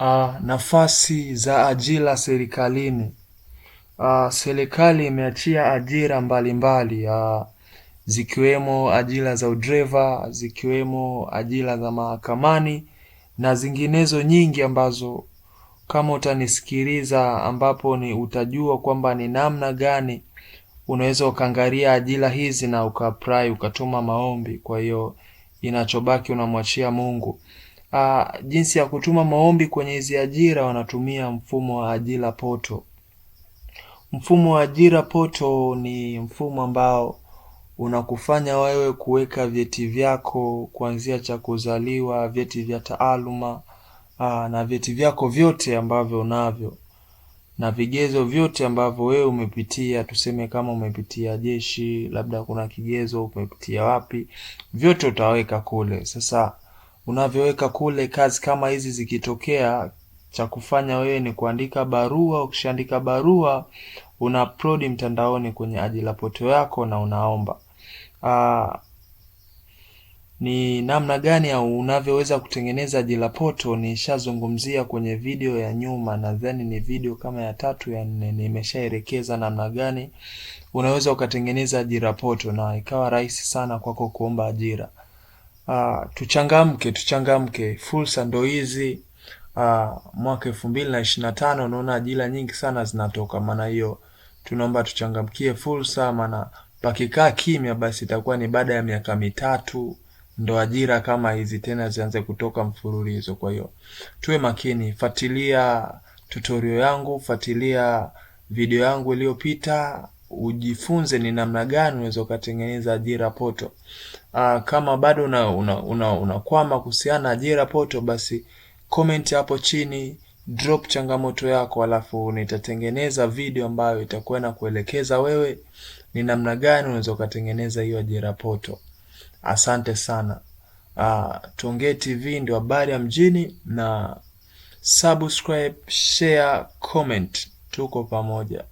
Uh, nafasi za ajira serikalini. Uh, serikali imeachia ajira mbalimbali uh, zikiwemo ajira za udereva, zikiwemo ajira za mahakamani na zinginezo nyingi ambazo kama utanisikiliza, ambapo ni utajua kwamba ni namna gani unaweza ukaangalia ajira hizi na ukaapply ukatuma maombi. Kwa hiyo inachobaki unamwachia Mungu uh, jinsi ya kutuma maombi kwenye hizi ajira wanatumia mfumo wa ajira poto. Mfumo wa ajira poto ni mfumo ambao unakufanya wewe kuweka vyeti vyako kuanzia cha kuzaliwa, vyeti vya taaluma aa, ah, na vyeti vyako vyote ambavyo unavyo na vigezo vyote ambavyo wewe umepitia. Tuseme kama umepitia jeshi, labda kuna kigezo umepitia wapi, vyote utaweka kule sasa unavyoweka kule kazi kama hizi zikitokea, cha kufanya wewe ni kuandika barua. Ukishaandika barua una upload mtandaoni kwenye ajira poto yako na unaomba. Aa, ah, ni namna gani au unavyoweza kutengeneza ajira poto nishazungumzia kwenye video ya nyuma, nadhani ni video kama ya tatu ya nne, nimeshaelekeza namna gani unaweza ukatengeneza ajira poto na ikawa rahisi sana kwako kuomba ajira. Ah, tuchangamke tuchangamke, fursa ndo hizi. Uh, mwaka elfu mbili na ishirini na tano unaona ajira nyingi sana zinatoka. Maana hiyo tunaomba tuchangamkie fursa, maana pakikaa kimya, basi itakuwa ni baada ya miaka mitatu ndo ajira kama hizi tena zianze kutoka mfululizo. Kwa hiyo tuwe makini, fuatilia tutorial yangu, fuatilia video yangu iliyopita ujifunze ni namna gani unaweza ukatengeneza ajira poto. Uh, kama bado unakwama una, una, una kuhusiana na ajira poto, basi comment hapo chini, drop changamoto yako, alafu nitatengeneza video ambayo itakuwa na kuelekeza wewe ni namna gani unaweza ukatengeneza hiyo ajira poto. Asante sana. Uh, ah, Tuongee TV ndio habari ya mjini, na subscribe, share, comment, tuko pamoja.